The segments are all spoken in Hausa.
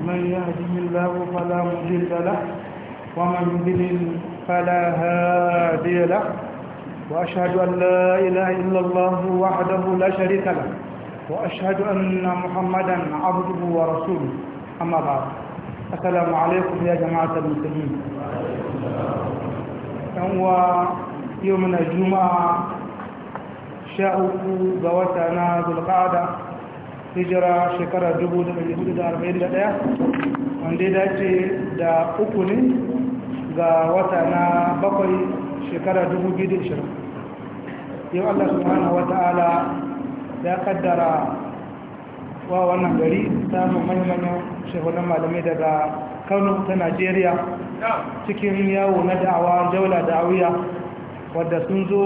من يهده الله فلا مضل له ومن يضلل فلا هادي له وأشهد أن لا إله إلا الله وحده لا شريك له وأشهد أن محمدا عبده ورسوله أما بعد السلام عليكم يا جماعة المسلمين هو يوم الجمعة شاء قوة ذو القعدة hijira shekara 1441 wanda ya dace da uku ne ga wata na bakwai shekara 2020 yau allah subhanahu ala ya kaddara wa wannan gari samun mahimmanin shekunan malamai daga kano ta najeriya cikin yawo na da'awa jaula da'awiya wadda sun zo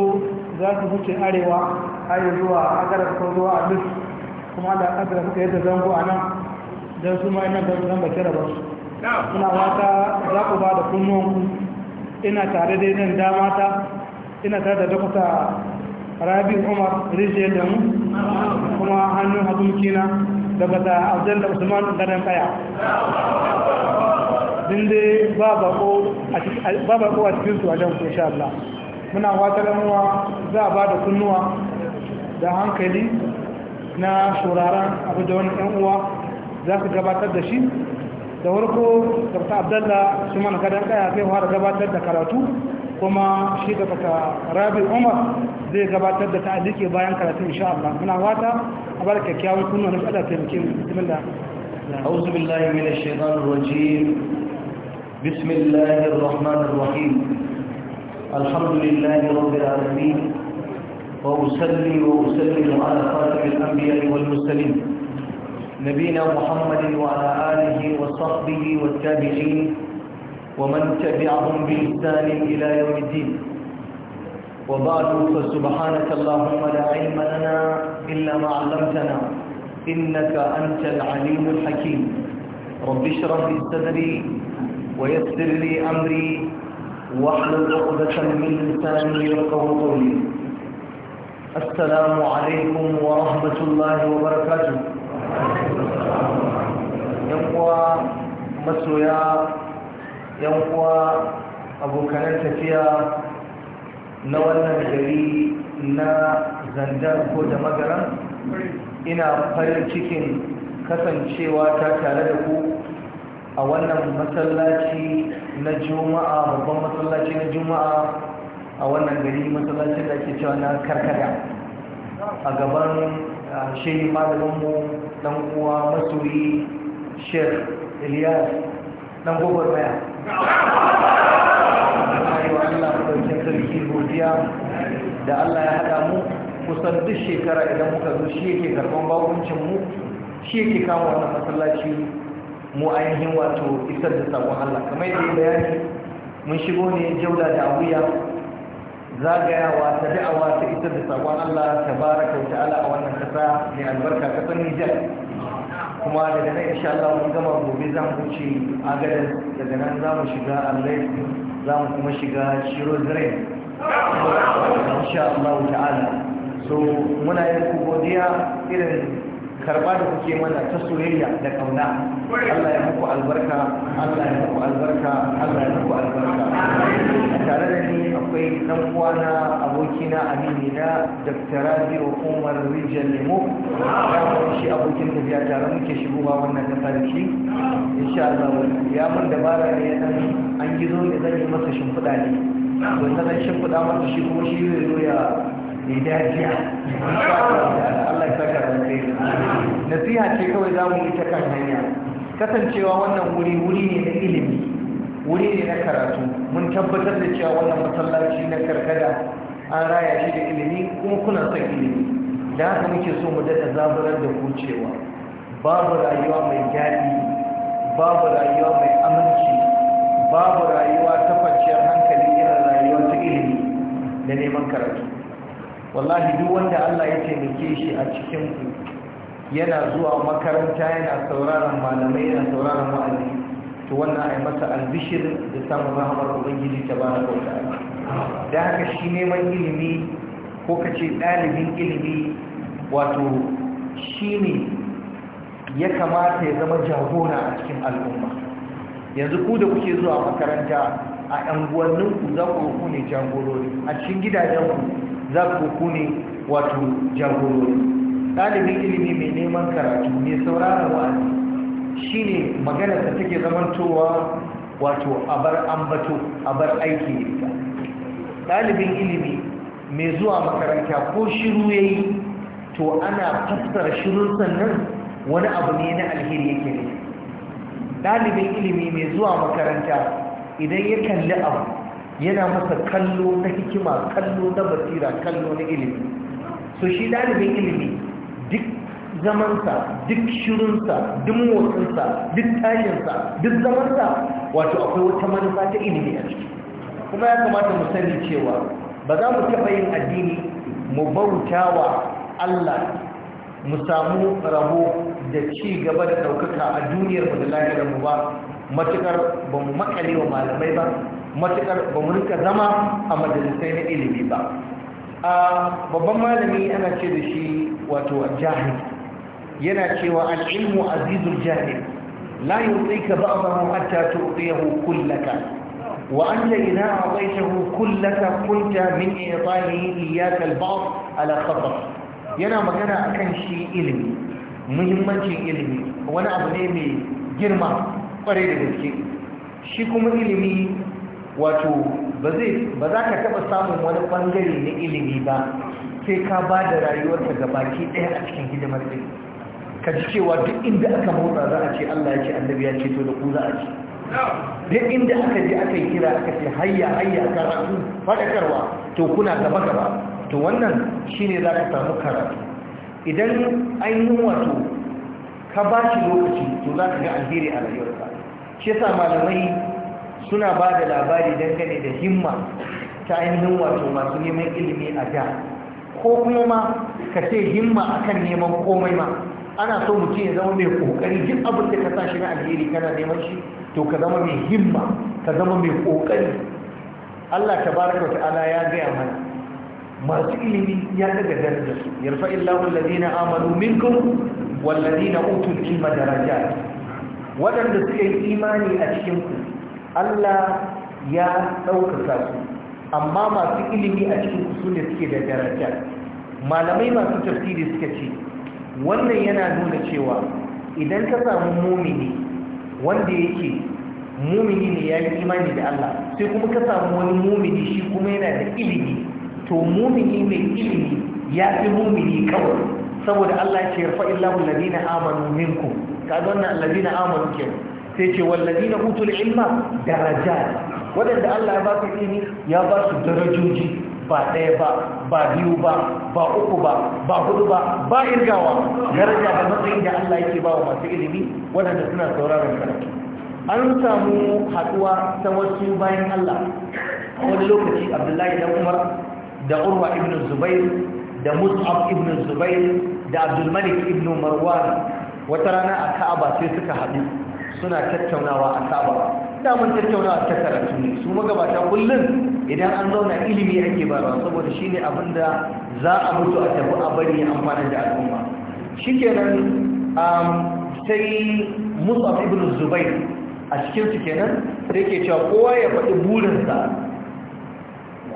za su huce arewa har zuwa agarar zuwa a duk kuma da kadara suka da zango a nan don su ma ina don zan baki rabar su suna wata za ku ba da kunnuwan ina tare da yin dama ta ina tare da dakuta rabi umar rijiyar da mu kuma hannun hadumkina daga da abdalla usman gadon kaya din dai ba bako a cikin su a jan ku sha Allah muna wata lamuwa za a ba da kunnuwa da hankali na shuraren abu da wani uwa za su gabatar da shi da warko dr abdalla su mana gadon kaya zai fara gabatar da karatu kuma shi da kaka rabi umar zai gabatar da ta ta'alike bayan karatu insha Allah muna wata a bar kyakkyawan kunna na fada taimake mu bismillah a'udhu billahi minash shaitanir rajim bismillahir rahmanir rahim alhamdulillahi rabbil alamin وأسلي وأسلم على خاتم الأنبياء والمرسلين نبينا محمد وعلى آله وصحبه والتابعين ومن تبعهم بإحسان إلى يوم الدين وبعد فسبحانك اللهم لا علم لنا إلا ما علمتنا إنك أنت العليم الحكيم رب اشرح لي صدري ويسر لي أمري واحلل عقدة من لساني يفقهوا قولي السلام عليكم ورحمة الله وبركاته يقوى مسويا يقوى أبو كانت فيها نوالنا الجري نا زندان كود مقرم إنا فرل تشيكين كسن شيوا تاتالدكو a wannan masallaci na juma'a babban masallaci na juma'a a wannan gari masallacin da ke cewa na karkada a gaban shehi malaminmu dan uwa masoyi sheikh A dan gwagwarmaya ayyuwa allah sarki godiya da allah ya haɗa mu kusan duk shekara idan muka zo shi yake karɓar bakuncinmu shi yake kama wannan masallaci mu ainihin wato isar da sabon allah kamar yadda bayani mun shigo ne jauda da wuya zagayawa ta da'awa ta ita da sakon Allah ta baraka wa ta'ala a wannan kasa mai albarka kasar Nijar kuma daga nan insha Allah mun gama gobe za mu wuce agadar daga nan za mu shiga Allah za mu kuma shiga Shiro Zare insha Allah ta'ala so muna yin godiya irin karba da kuke mana ta soyayya da kauna Allah ya muku albarka Allah ya muku albarka Allah ya muku albarka a tare da ni akwai dan uwana abokina amini na Dr. Rabi'u Umar Rijal Lemo ya shi abokin da ya tare muke shigowa wannan ta shi insha Allah ya mun dabara ne ya an gizo ne zan yi masa shimfiɗa ne to sanan shimfiɗa masa shi kuma shi zai zo ya mai nasiha ce kawai za mu yi ta kan hanya kasancewa wannan wuri wuri ne na ilimi wuri ne na karatu mun tabbatar da cewa wannan masallaci na karkada an raya shi da ilimi kuma kuna son ilimi da haka muke so mu daɗa zaburar da ku babu rayuwa mai daɗi babu rayuwa mai aminci babu rayuwa ta kwanciyar hankali irin rayuwa ta ilimi da neman karatu wallahi duk wanda Allah ya taimake shi a cikin ku yana zuwa makaranta yana sauraron malamai yana sauraron wa'azi to wannan ai masa albishir da samun rahamar ubangiji ta bana bauta. da haka shi neman ilimi ko kace ɗalibin ilimi wato shi ne ya kamata ya zama jagora a cikin al'umma yanzu ku da kuke zuwa makaranta a unguwanninku za ku ne jagorori a cikin gidajenku za ku ne wato jagorori ɗalibin ilimi mai neman karatu mai sauraron wa'azi shi ne maganarsa take zamantowa wato abar ambato abar aiki ita ɗalibin ilimi mai zuwa makaranta ko shiru ya yi to ana fassar shirun sannan wani abu ne na alheri yake ne ɗalibin ilimi mai zuwa makaranta idan ya kalli abu yana masa kallo na hikima kallo na basira kallo na ilimi so shi dalibin ilimi duk zamansa duk shirinsa duk motsinsa duk tashinsa, duk zamansa wato akwai wata manufa ta ilimi a ciki kuma ya kamata mu sani cewa ba za mu taɓa yin addini mu bauta wa Allah mu samu rabo da ci gaba da ɗaukaka a duniyar mu da lafiyar mu ba matukar ba mu makale wa malamai ba matukar ba mu rika zama a majalisai na ilimi ba a babban malami ana ce da shi wato jahil yana cewa al'ilmu azizul jahil la yutika ba'dahu hatta tu'tiyahu kullaka wa anta idha a'taytahu kullaka kunta min i'tahihi iyyaka al-ba'd ala khatar yana magana akan shi ilimi muhimmancin ilimi wani abu ne mai girma kwarai da gaske shi kuma ilimi wato ba za ka taɓa samun wani bangare na ilimi ba sai ka ba da rayuwarka ga baki ɗaya a cikin hidimar ɗin ka ji cewa duk inda aka motsa za a ce Allah ya ce annabi ya ce to da ku za a ce duk inda aka je aka yi kira aka ce hayya hayya karatu faɗakarwa to kuna gaba gaba to wannan shi ne za ka samu karatu idan an yi wato ka ba shi lokaci to za ka ga alheri a rayuwarka shi yasa malamai suna ba da labari dangane da himma ta ainihin wato masu neman ilimi a da ko kuma ma ka ce himma akan neman komai ma ana so mutum ya zama mai kokari duk abin da ka sa shi na alheri kana neman shi to ka zama mai himma ka zama mai kokari Allah ta tabaraka wa ta'ala ya gaya mana masu ilimi ya daga darajar su yarfa illahu alladhina amanu minkum walladhina utul ilma darajat waɗanda suka yi imani a cikinku Allah ya ɗaukaka su amma masu ilimi a cikinku su ne suke da daraja malamai masu tafsiri suka ce wannan yana nuna cewa idan ka samu mumini wanda yake mumini ne ya yi imani da Allah sai kuma ka samu wani mumini shi kuma yana da ilimi to mumini mai ilimi ya fi mumini kawai saboda Allah ce yarfa illahu ladina amanu minkum kaga wannan alladina amanu kenan sai ce walladina utul ilma darajat wadanda Allah ya ba su ilimi ya ba su darajoji ba ɗaya ba ba biyu ba ba uku ba ba hudu ba ba irgawa daraja da matsayin da Allah yake ba wa masu ilimi waɗanda suna sauraron karatu an samu haɗuwa ta wasu bayan Allah wani lokaci Abdullahi dan Umar da Urwa ibn Zubair da Mus'ab ibn Zubair da Abdul Malik ibn Marwan wata rana a ka'aba sai suka haɗu suna tattaunawa a ka'aba da mun tattaunawa ta karatu ne su magabata kullum idan an zauna ilimi ake ba saboda shine abin da za a mutu a tafi a bari amfanin da al'umma Shi kenan um, sai Musa ibn zubai a cikin su kenan sai ke cewa kowa ya faɗi burinsa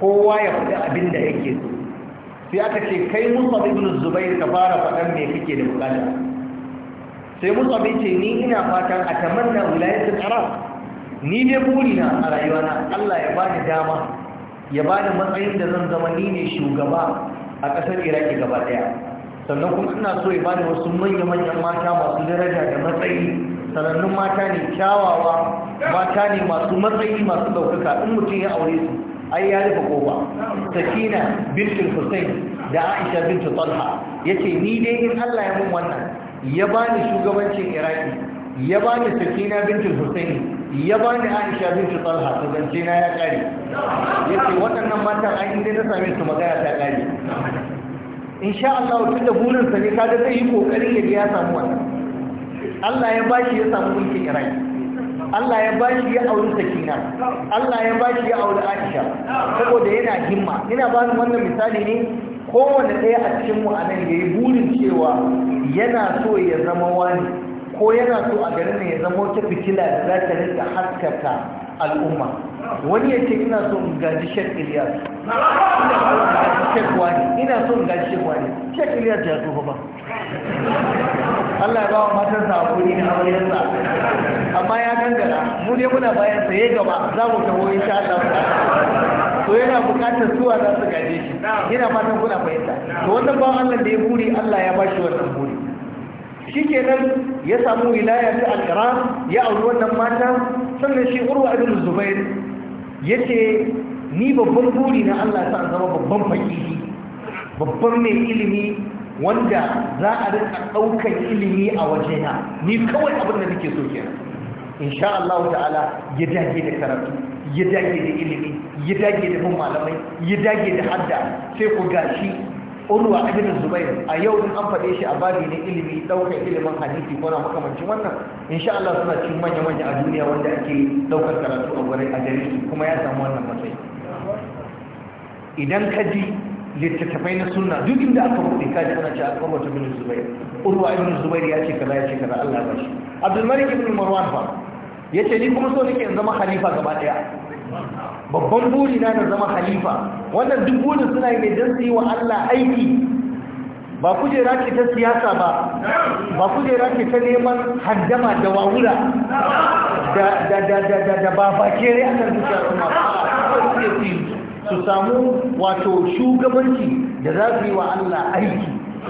kowa ya faɗi abin da yake so sai aka ce kai Musa ibn zubai ka fara faɗan me kake da buƙata. sai musa bai ce ni ina fatan a tamanna wilayatul arab ni dai na a rayuwa na Allah ya bani dama ya bani matsayin da zan zama ni ne shugaba a ƙasar iraki gaba ɗaya sannan kuma ina so ya bani wasu manya-manyan mata masu daraja da matsayi sanannun mata ne kyawawa mata ne masu matsayi masu ɗaukaka in mutum ya aure su ai ya rufe kofa sakina bintul hussein da aisha bintul talha yace ni dai in allah ya mun wannan ya bani shugabancin iraki ya bani sakina bintul husaini ya bani aisha bintul talha to zance na ya kare ce waɗannan matan an inda na same su magana ta kare sha Allah tunda burin sa ne kaga zai yi kokarin ya ya samu wannan Allah ya bashi ya samu mulkin iraki Allah ya bashi ya auri sakina Allah ya bashi ya auri aisha saboda yana himma ina ba wannan misali ne kowane ɗaya a cikinmu a nan ya yi burin cewa yana so ya zama wani ko yana so a garin ya zama wata fitila da za ta rika haskaka al'umma wani ya ce ina so in gaji shek iliyar ina so in gaji shek wani ina so gaji shek wani shek ya zo ba Allah ya ba wa matarsa kuri na aurensa amma ya gangara mu dai muna bayan sa ya gaba za mu taho sha Allah to yana bukatar suwa za su gaje shi yana fatan kuna fahimta to wannan ba Allah da ya buri Allah ya bashi wannan buri shikenan ya samu wilaya ta al ya auri wannan mata sannan shi Urwa ibn Zubair yace ni babban buri na Allah sa zama babban fakihi babban mai ilimi wanda za a rika daukan ilimi a wajena ni kawai abin da nake so kenan insha Allah ta'ala ya dage da karatu ya dage da ilimi ya dage da bin malamai ya dage da hadda sai ku gashi ulwa ibn zubair a yau in an fade shi a babi na ilimi daukar ilimin hadisi ko na makamancin wannan insha Allah suna cikin manya manya a duniya wanda ake daukar karatu a gurin a kuma ya samu wannan matsayi idan ka ji littattafai na sunna duk inda aka ka ji kana ce a kwamata bin zubair urwa ibn zubair ya ce kaza ya ce kaza Allah ya bashi abdul malik ibn marwan fa yace ni kuma so nake in zama khalifa gaba daya babban buri na na zama halifa wannan duk burin suna yi ne don su yi wa Allah aiki ba kujera ke ta siyasa ba ba kujera ta neman haddama da wawura da ba bakere a kan zuciya kuma su samu wato shugabanci da za su yi wa Allah aiki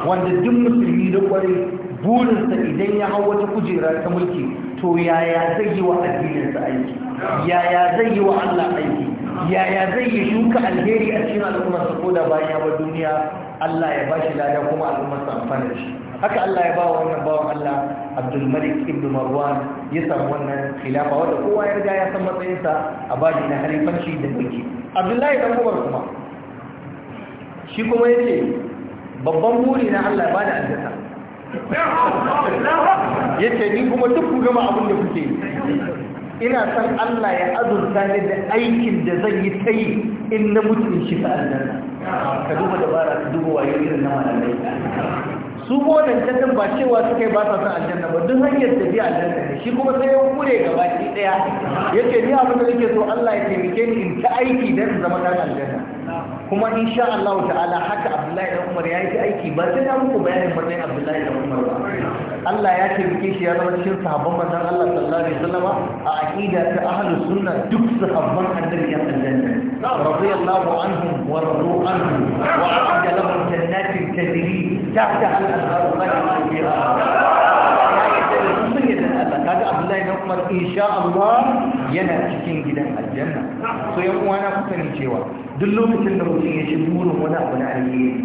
wanda duk musulmi da kwarai burinsa idan ya hau wata kujera ta mulki to yaya zai yi wa addininsa aiki yaya zai yi wa yaya zai yi shuka alheri a cikin al'ummarsa ko da bayan ya bar duniya Allah ya ba shi lada kuma al'ummarsa amfana da shi haka Allah ya ba wannan bawan Allah Abdul Malik ibn Marwan ya samu wannan khilafa wanda kowa ya riga ya san matsayinsa a baji na halifanci da mulki Abdullahi dan Umar kuma shi kuma yace babban buri na Allah ba da aljanna yace ni kuma duk ku gama abin da kuke ina san Allah ya azurta ni da aikin da zan yi ta yi in na mutu in shiga aljanna ka duba dabara ka duba wayo irin na malamai su bonan tattan ba cewa suka yi ba sa san aljanna ba duk hanyar da bi aljanna ne shi kuma sai ya kure ga baki daya yace ni abin da yake so Allah ya taimake ni in ta aiki dan zama dan aljanna kuma in sha Allah ta'ala haka Abdullahi dan Umar ya yi aiki ba sai na muku bayanin matsayin Abdullahi dan Umar ba Allah ya taimake shi ya zama cikin sahabban manzon Allah sallallahu alaihi wasallam a aqida ta ahlus sunna duk sahabban annabi ya aljanna radiyallahu anhum wa radu anhum wa a'adda lahum jannatin tajri tahtaha al-anhar khalidin fiha kaga abdullahi dan umar insha Allah yana cikin gidan aljanna so yan uwa na kuka ni cewa duk lokacin da mutum ya ci burin wani abu na alheri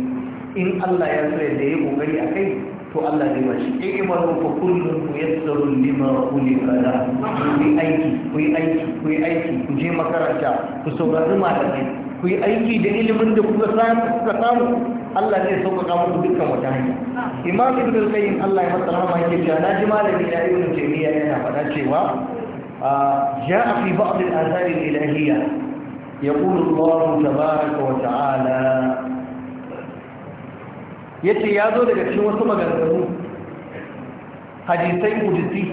in Allah ya so da ya kokari a kai to Allah zai bashi eh, i'malu fa kullun muyassaru lima khuliqa la ku yi aiki ku yi aiki ku yi aiki ku je makaranta ku saurari malamai ku yi aiki da ilimin da kuka samu Allah zai sauƙaƙa muku dukkan wata hanya imam ibn al-qayyim Allah ya masa rahama yake cewa ji malami na ibn taymiya yana faɗa cewa ja'a fi ba'd al-athar al-ilahiyya yaqulu Allah tabaaraka wa ta'ala yace ya zo daga cikin wasu maganganu hadisai qudsi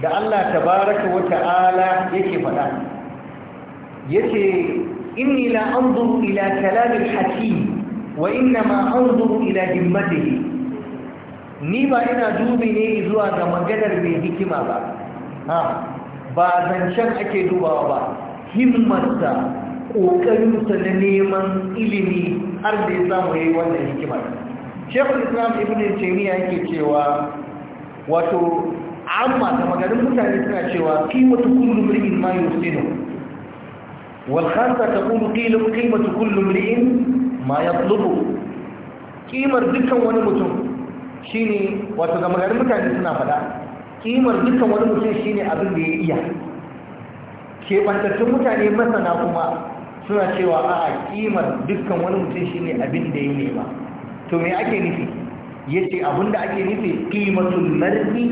da Allah tabaaraka wa ta'ala yake faɗa yace inni la anzuru ila kalam al-hakim wa inna ma anzuru ila himmatihi ni ba ina dubi ne zuwa ga maganar mai hikima ba ha ba zancen ake dubawa ba himmarsa ƙoƙarinsa na neman ilimi har da ya samu yayi wannan hikima shekul islam ibn taymiya yake cewa wato amma da magarin mutane suna cewa kimatu kullu mri'in ma yusinu wal khansa taqulu qila qimatu kullu mri'in ma ya tsulubu kimar dukkan wani mutum shi ne wato zama magarin mutane suna faɗa kimar dukkan wani mutum ne abin da ya iya keɓantattun mutane masana kuma suna cewa a kimar dukkan wani mutum ne abin da ya nema to me ake nufi Ya ce abin da ake nufi kimatul mar'i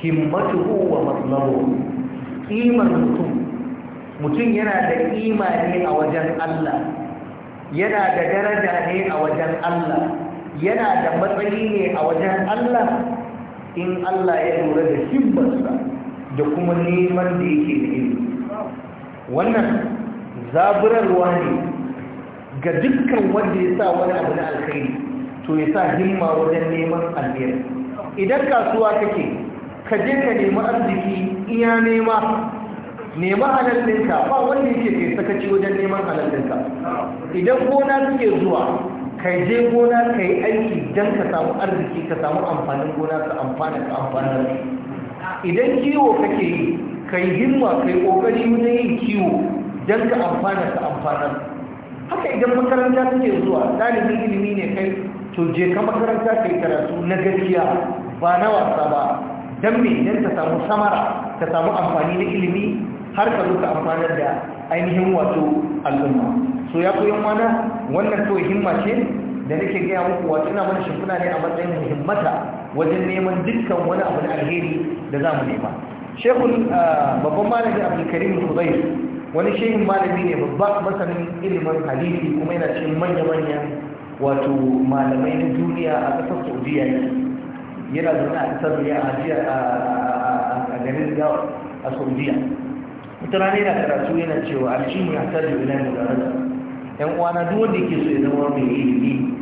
himmatu wa matsalawo kimar mutum mutum yana da imani a wajen Allah yana da daraja ne a wajen Allah yana da matsayi ne a wajen Allah in Allah ya lura da himmarsa da kuma neman da yake da ilimi wannan zaburarwa ne ga dukkan wanda ya sa wani abu na alkhairi to ya sa himma wajen neman alheri idan kasuwa kake ka je ka nemi arziki iya nema nema halallinka ba wanda yake kai sakaci wajen neman halallinka idan gona suke zuwa kai je gona kai aiki don ka samu arziki ka samu amfanin gona ka amfana ka amfana idan kiwo kake yi kai himma kai kokari ƙoƙari wajen yin kiwo don ka amfana ka amfana haka idan makaranta suke zuwa ɗalibin ilimi ne kai to je ka makaranta kai karatu na gaskiya ba na wasa ba don me don ka samu samara ka samu amfani na ilimi har ka zo ka amfanar da ainihin wato al'umma so ya koyon mana wannan to himma ce da nake gaya muku wato ina mana shimfuna ne a matsayin muhimmata wajen neman dukkan wani abu na alheri da za mu nema shekul ah, babban malami abdulkarim zubair wani shehin malami ne babba masanin ilimin hadisi kuma yana cikin manya-manyan wato malamai na duniya a ƙasar saudiya yana zaune a ƙasar a garin a saudiya Mutane na karatu yana cewa aljihu ya tajo ila mu da yan uwana duk wanda ke so ya zama mai ilimi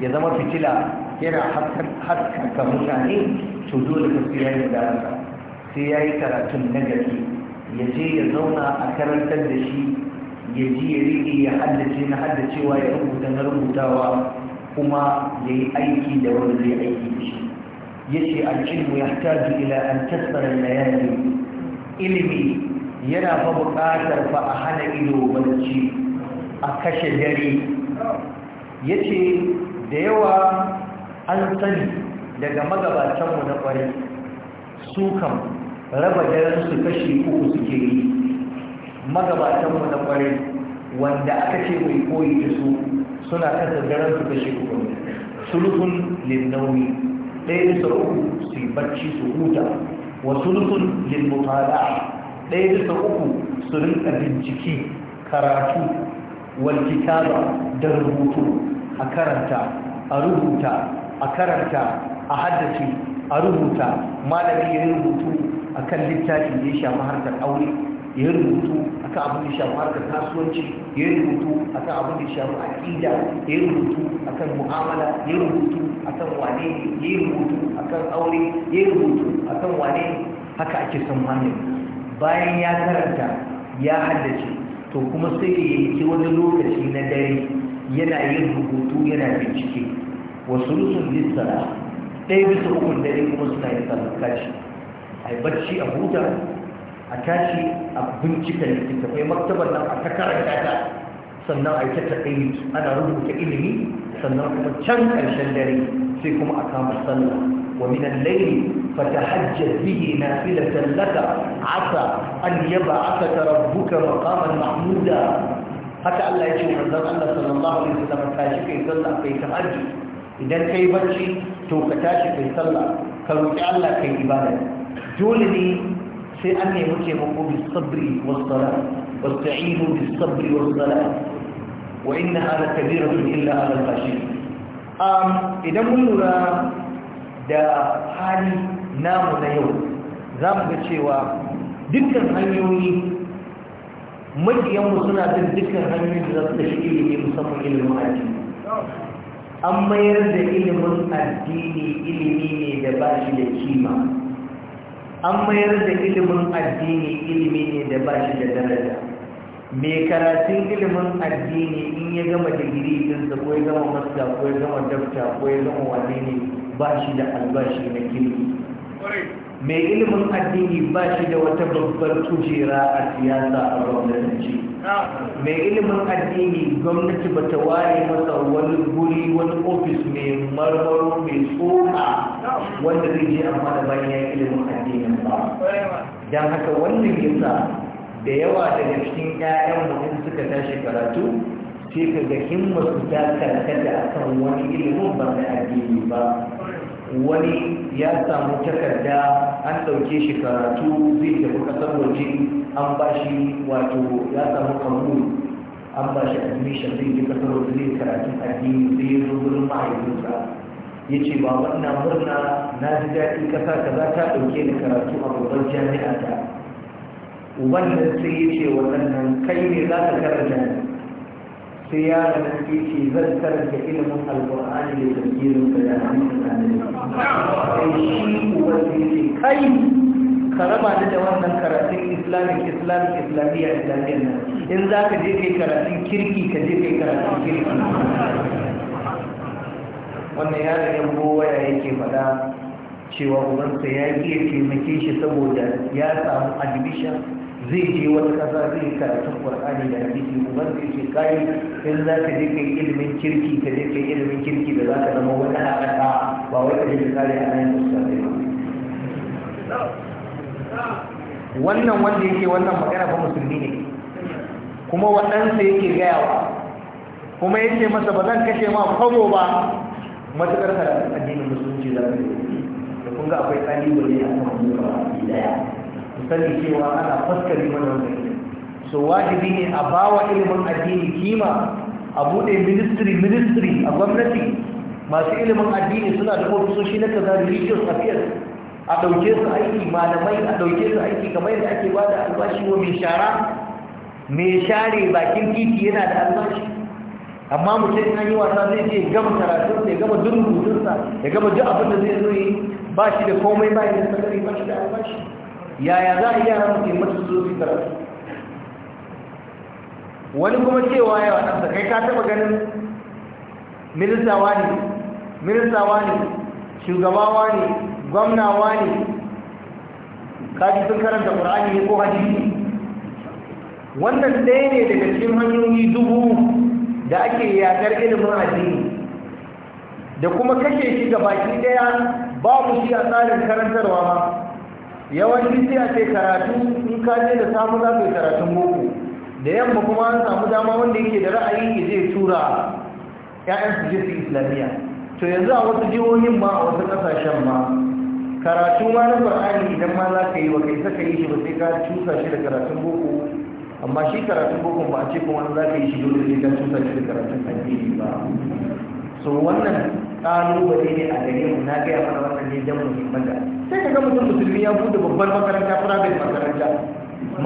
ya zama fitila yana haskaka mutane to dole ka sai yayi mudarasa sai ya yi karatun na gaske ya je ya zauna a karantar da shi ya ji ya riƙe ya haddace na haddacewa ya rubuta na rubutawa kuma ya yi aiki da wanda zai aiki da shi ya ce aljihu ya tajo ila an tasara layali ilimi yana fa buƙatar fa a hana ido barci a kashe dare ya ce da yawa an sani daga magabatanmu na ƙwari su kam raba daren su kashe uku suke yi magabatanmu na ƙwarai wanda aka ce mai koyi da su suna kasa daren su kashe uku sulhun linnaumi ɗaya da sarauku su yi barci su huta wa sulhun lilmutala'a ɗaya bisa uku su rinka bincike karatu wal kitaba da rubutu a karanta a rubuta a karanta a haddace a rubuta malami ya rubutu a kan littafi ya shafi harkar aure ya rubutu a kan abin da shafi harkar kasuwanci ya rubutu a kan abin da shafi aƙida ya rubutu a kan mu'amala ya rubutu a kan wane ya rubutu a kan aure ya rubutu a kan wane haka ake son malami bayan ya karanta ya haddace to kuma sai ya yanki wani lokaci na dare yana yin rubutu yana bincike wasu rusun bisara ɗaya bisa ukun dare kuma suna yin kashi a yi bacci a huta a tashi a bincika littattafai maktabar nan a ta karanta ta sannan a yi ta ana rubuta ilimi sannan kuma can ƙarshen dare sai kuma a kama sallah ومن الليل فتحجد به نافلة لك عسى أن يبعثك ربك مقاما محمودا حتى الله يجب أن الله صلى الله عليه وسلم تاشك يصلى في تهجد إذا كي بجي توك تاشك يصلى كروت الله كي إبادة جولني سأني مجيبه بالصبر والصلاة واستعينوا بالصبر والصلاة وإنها لكبيرة إلا على الخاشين أم إذا من da hali namu na yau za mu ga cewa dukkan hanyoyi makiyanmu suna bin dukkan hanyoyi da za su ilimi musamman ilimin addini an mayar da ilimin addini ilimi ne da ba shi da kima an mayar da ilimin addini ilimi ne da ba shi da daraja mai karatun ilimin addini in ya gama digiri da ko ya gama masta ko ya gama dafta ko ya gama wane ne ba shi da albashi na kirki mai ilimin addini ba shi da wata babbar kujera a siyasa a gwamnatance mai ilimin addini gwamnati ba ta ware masa wani guri wani ofis mai marmaro mai tsoka wanda zai je amma da bayan ilimin addini ba don haka wannan yasa da yawa daga cikin 'ya'yan mutum suka tashi karatu sai ka ga himmarsu ta karkata a kan wani ilimin ba na addini ba wani ya samu takarda an ɗauke shi karatu zai tafi ƙasar waje an ba shi wato ya samu kabul an ba shi admission zai ji ƙasar waje zai karatu addini zai yi wurin mahaifinsa ya ce ba wannan murna na ji daɗi ƙasa za ta ɗauke da karatu a babbar jami'a ta wannan sai ya ce waɗannan kai ne za ka karanta ne sai yaron ya ce zan karanta ilimin alƙur'ani da tafsirin ka da hannun da sai shi uban sai ya ce kai ka raba ni da wannan karatun islamic islamic islamiyya islamiyya nan in za ka je kai karatun kirki ka je kai karatun kirki wannan ya ya buwa ya yake faɗa cewa ubansa ya iya taimake shi saboda ya samu admission zai je wani ƙasa zai karatu qur'ani da hadisi ban zai ce kai in za ka je kai ilimin kirki ka je kai ilimin kirki da za ka zama wani a ba wai ka je ka kare a nan musulmai ba wannan wanda yake wannan magana ba musulmi ne kuma waɗansa yake gayawa kuma ya ce masa ba zan kashe ma kwabo ba matuƙar karatun addinin musulunci za ka yi da kun ga akwai ƙalibale a kan musulunci daya sani cewa ana faskari mana wannan ilimi so wajibi ne a bawa ilimin addini kima a bude ministry ministry a gwamnati masu ilimin addini suna da ofisoshi na kaza religious affairs a dauke su aiki malamai a dauke su aiki kamar yadda ake ba da albashi wa mai shara mai share bakin titi yana da albashi amma mutum an yi wasa zai ce gama karatunsa ya gama duk rubutunsa ya gama duk abin da zai zo yi ba shi da komai ba ya da sakari ba shi da albashi yaya za a yara mutum mutu su wani kuma cewa yawa ɗansa kai ka taɓa ganin ministawa ne shugabawa ne gwamnawa ne kaji sun karanta ƙur'ani ne ko hadisi wannan ɗaya ne daga cikin hanyoyi dubu da ake yaƙar ilimin addini da kuma kashe shi ga baki ɗaya mu shi a tsarin karantarwa ba yawanci sai a ce karatu in ka je da samu za ka yi karatun boko da yamma kuma an samu dama wanda yake da ra'ayi ya je tura ya'yan su je su islamiyya to yanzu a wasu jihohin ma a wasu kasashen ma karatu ma na qur'ani idan ma za ka yi wa kai saka yi shi ba sai ka cusa shi da karatun boko amma shi karatun boko ba a ce kuma za ka yi shi dole sai ka cusa shi da karatun addini ba so wannan kalubale ne a gare mu na gaya mana wannan ne jan muhimman da sai ka ga mutum musulmi ya bude babbar makaranta private makaranta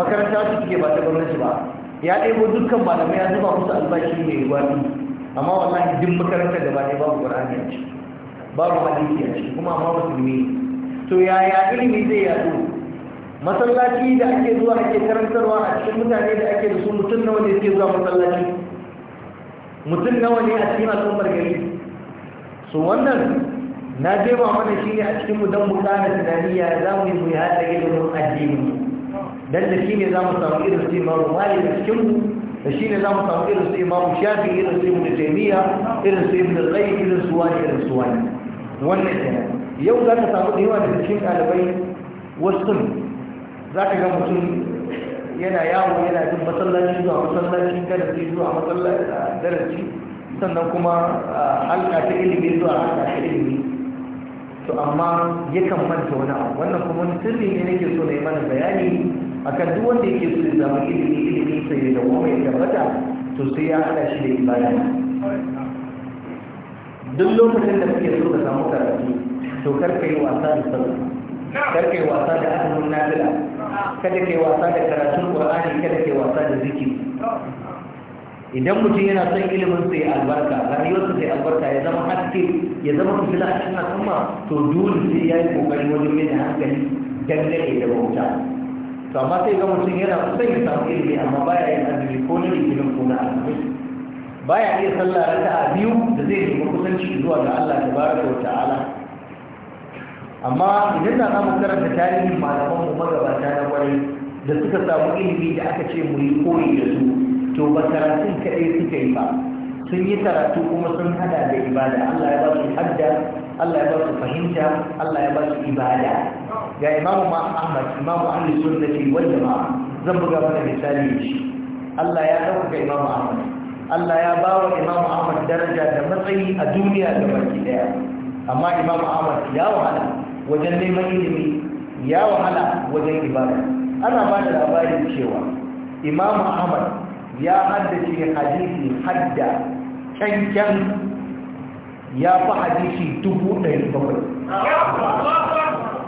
makaranta su suke ba ta gwamnati ba ya ɗebo dukkan malamai ya zuba musu albashi mai gwani amma wallahi duk makaranta da ba ne babu qur'ani a ciki babu hadisi a ciki kuma amma musulmi to yaya ilimi zai yaɗu masallaci da ake zuwa ake karantarwa a cikin mutane da ake da su mutum nawa ne suke zuwa masallaci mutum nawa ne a cikin al'ummar gari so wannan na je ba mana shi ne a cikin mu don mu tsara tunani ya za mu yi mu haɗa don addini dan da shi ne za mu samu irin su imamu mali da cikin mu da shi ne za mu samu irin su imamu shafi irin su ibn taymiya irin su da zai irin su wani irin su wani wannan kenan yau za ka samu da yawa da cikin ɗalibai wasu za ka ga mutum yana yawo yana jin masallaci zuwa masallaci darasi zuwa masallaci sannan kuma halka ta ilimi zuwa halka ta ilimi to amma yakan manta wani abu wannan kuma wani sirri ne nake so na yi mana bayani akan duk wanda yake so ya zama ilimi ilimi sai da kuma ya tabbata to sai ya hada shi da ibada duk lokacin da kake so ka samu karatu to kar ka yi wasa da kar ka yi wasa da azumin nafila kada ka yi wasa da karatun qur'ani kada ka yi wasa da zikiri idan mutum yana son ilimin sai albarka rayuwarsa sai albarka ya zama haske ya zama fitila a cikin al'umma to dole sai ya yi kokari wajen mai da hankali dangane da bauta to amma sai ga mutum yana son ya samu ilimi amma baya yin azumi ko na rikinin ko na azumi baya iya sallah raka'a biyu da zai nemi kusanci zuwa ga Allah tabaraka wa ta'ala amma idan na samu karanta tarihin malaman mu magabata na kwarai da suka samu ilimi da aka ce mu yi koyi da su to ba karatun kaɗai suka yi ba sun yi karatu kuma sun hada da ibada Allah ya ba su hadda Allah ya ba su fahimta Allah ya ba su ibada ga imamu ma Ahmad imamu ahli sunnati wal jama'a zan buga mana misali shi Allah ya dauka imamu Ahmad Allah ya ba wa imamu Ahmad daraja da matsayi a duniya da baki daya amma imamu Ahmad ya wahala wajen neman ilimi ya wahala wajen ibada ana ba da labarin cewa imamu Ahmad ya haddace hadisi hadda cancan ya fi hadisi dubu da bakwai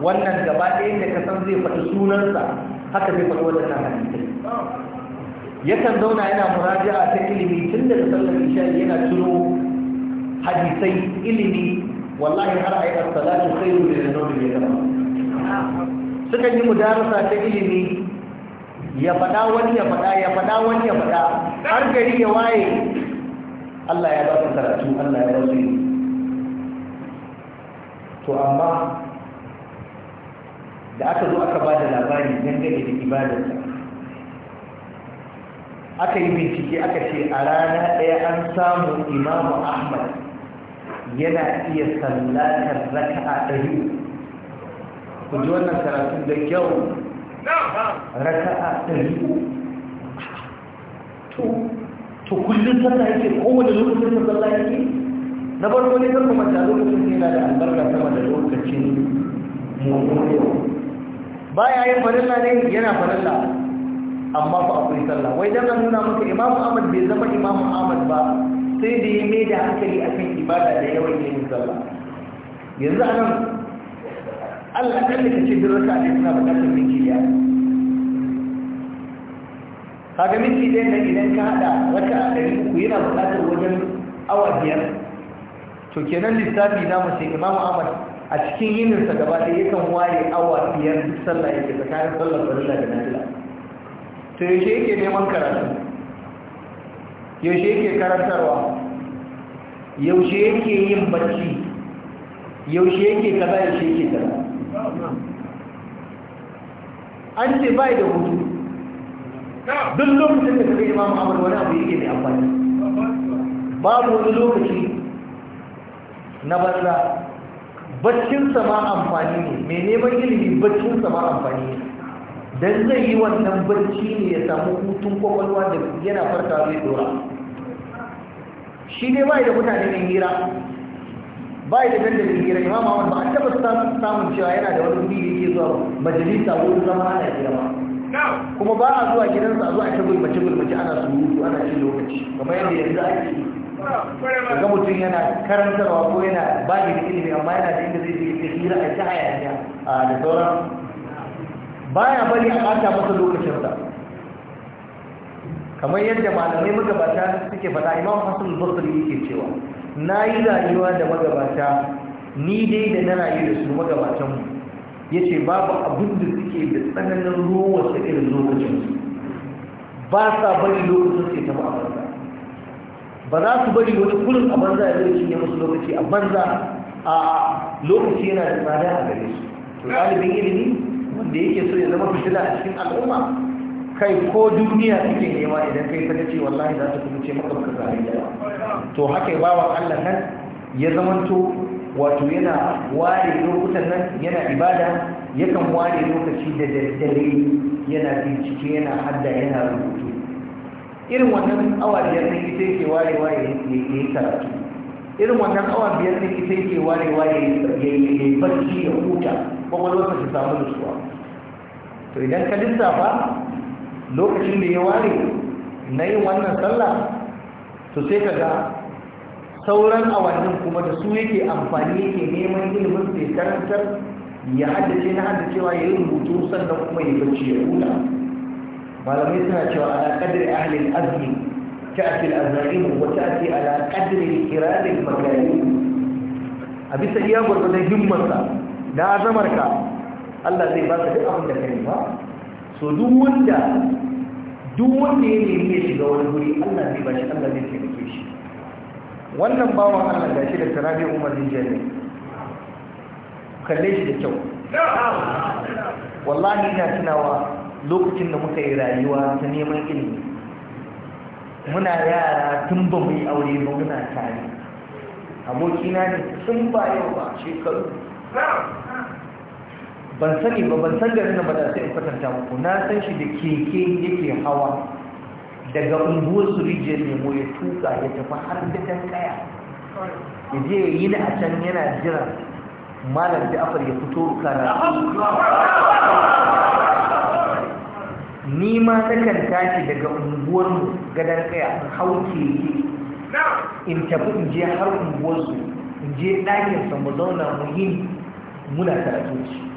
wannan gaba ɗaya da kasan zai faɗi sunansa haka zai faɗi wannan hadisai yakan zauna yana a ta ilimi tun daga sallar isha yana ciro hadisai ilimi wallahi har a yi salatu sai da wuri da ya gaba sukan yi mudarasa ta ilimi ya faɗa wani ya faɗa ya faɗa wani ya faɗa har gari ya waye Allah ya ba su karatu Allah ya ba su yi to amma da aka zo aka ba da labari dangane da ibadarsa aka yi bincike aka ce a rana ɗaya an samu imamu ahmad yana iya sallatar a ɗari ku ji wannan karatu da kyau Raka a ɗari to to kullum sallah yake kowane lokacin da sallah yake na farko ne kan kuma lokacin yana da albarka sama da lokacin mummuni ya yin farilla ne yana farilla amma a kuri sallah wai dan nuna maka imamu ahmad bai zama imamu ahmad ba sai da ya mai da hankali akan ibada da yawan yin sallah yanzu anan Allah kalli ka ce duk raka ne suna bukatar minti ya kaga minti dai na idan ka haɗa wata a ɗari uku yana bukatar wajen awa biyar to kenan lissafi na mace imamu ahmad a cikin yininsa gaba ɗaya yakan waye awa biyar duk sallah yake tsakanin sallar farilla da nafila to yaushe yake neman karatu yaushe yake karantarwa yaushe yake yin bacci yaushe yake kaza yaushe yake kaza an ce bai da hutu duk lokacin da kaga imamu ahmad wani abu yake mai amfani babu wani lokaci na banza baccinsa ma amfani ne mai neman ilimi baccinsa ma amfani ne dan zai yi wannan bacci ne ya samu hutun kwakwalwa da yana farka zai dora shi ne bai da mutane mai hira ba da dandalin hira imam ahmad ba a taba samun cewa yana da wani wuri da yake zuwa majalisa wurin zama ana hira ba kuma ba a zuwa gidansa a zuwa ta gulmace gulmace ana surutu ana cin lokaci kamar yadda yanzu ake daga mutum yana karantarwa ko yana ba da ilimi amma yana da inda zai ta hira a ta hayaniya da sauran baya bari a ɓata masa lokacinsa kamar yadda malamai magabata suke faɗa imam hasan basri yake cewa na yi rayuwa da magabata ni dai da na rayu da su magabatanmu ya ce babu abin da suke da tsananin ruwa su irin lokacinsu ba sa bari lokacin su ya taɓa a banza ba za su bari wani kulun a banza ya zai ya musu lokaci a banza a lokaci yana da tsada a gare su to ɗalibin ilimi wanda yake so ya zama fitila a cikin al'umma kai ko duniya suke nema idan kai ta ce wallahi za ta kuma ce maka baka zai da to haka bawa Allah nan ya zamanto wato yana ware lokutan nan yana ibada yakan ware lokaci da daddare yana bincike yana hadda yana rubutu irin wannan awa biyar ne ita yake ware ware ya yi karatu irin wannan awa biyar ne ita yake ware ware ya yi barci ya huta kuma ta samu nutsuwa to idan ka lissafa lokacin da ya ware na yin wannan sallah to sai ka ga sauran awannin kuma da su yake amfani yake neman ilimin sai karantar ya haddace na haddacewa ya yi rubutu sannan kuma ya bacci ya huta malamai suna cewa ala kadri ahlil azmi ta'ti al-azra'imu wa ta'ti ala kadri kiral al a bisa iya gwargwadon himmarsa na azamarka Allah zai ba ka duk abin da ka yi ba so duk wanda duk wanda ya nemi ya shiga wani guri Allah zai bashi Allah zai taimake shi wannan bawan Allah shi da Tarabi Umar Nijani kalle shi da kyau wallahi ina tunawa lokacin da muka yi rayuwa ta neman ilimi muna yara tun ba mu yi aure ba muna tare abokina ne tun ba yau ba shekaru ban sani ba ban san garin ba da sai in kwatanta muku na san shi da keke yake hawa daga unguwar su rijiyar nemo ya tuka ya tafi har da dan kaya ya je ya yi a can yana jira malam da afar ya fito kana ni ma nakan tashi daga unguwar gadan kaya in hau keke in tafi in je har unguwar su in je ɗakin sa mu zauna mu muna karatu shi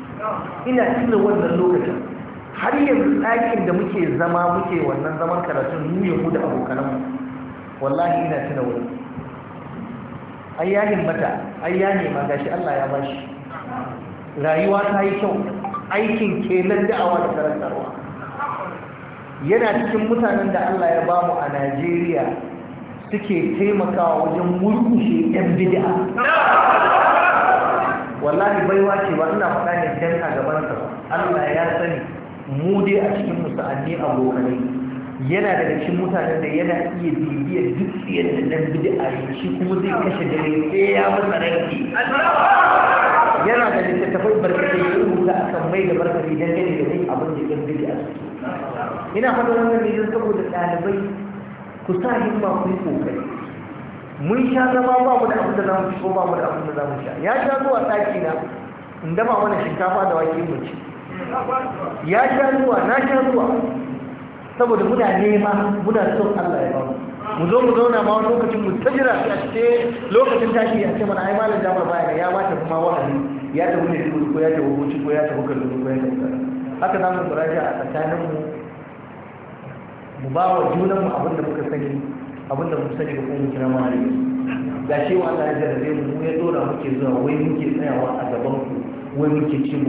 ina tuna wannan lokacin har yanzu ɗakin da muke zama muke wannan zaman karatun mu ya mu da abokananmu wallahi ina tuna wani ai ya himmata ai ya nema gashi Allah ya bashi rayuwa ta yi kyau aikin kenan da'awa da karantarwa yana cikin mutanen da Allah ya bamu a Najeriya suke taimakawa wajen murkushe 'yan bid'a wallahi baiwa ce ba ina faɗa ne idan ka gaban ka Allah ya sani mu dai a cikin musa'anni abokanai yana da cikin mutanen da yana iya bibiya duk tsiyar da nan bid'a yi shi kuma zai kashe dare sai ya masa ranki yana da littattafai barkatai da rubuta akan mai da barkatai dan gani da zai abin da ya bid'a ina faɗa wannan ne don saboda ɗalibai ku sa himma ku yi kokari mun sha zama ba mu da abin da za mu ci ko ba mu da abin da za mu sha ya sha zuwa ɗaki na in dama mana shinkafa da wake mu ci ya sha zuwa na sha zuwa saboda muna nema muna son Allah ya ba mu mu zo mu zauna ma wani lokacin mu ta jira a ce lokacin tashi a ce mana ai malam jamar baya ya mata kuma wa'azi ya ta ne duk ko ya tafi hukunci ko ya tafi kallon ko ya ta kaza haka za mu a tsakanin mu mu ba wa junan mu abin da muka sani abin da mun sani ga kuma kira ma ga shi wa Allah ya jarrabe mu ya dora muke zuwa wai muke tsayawa a gaban ku wai muke cin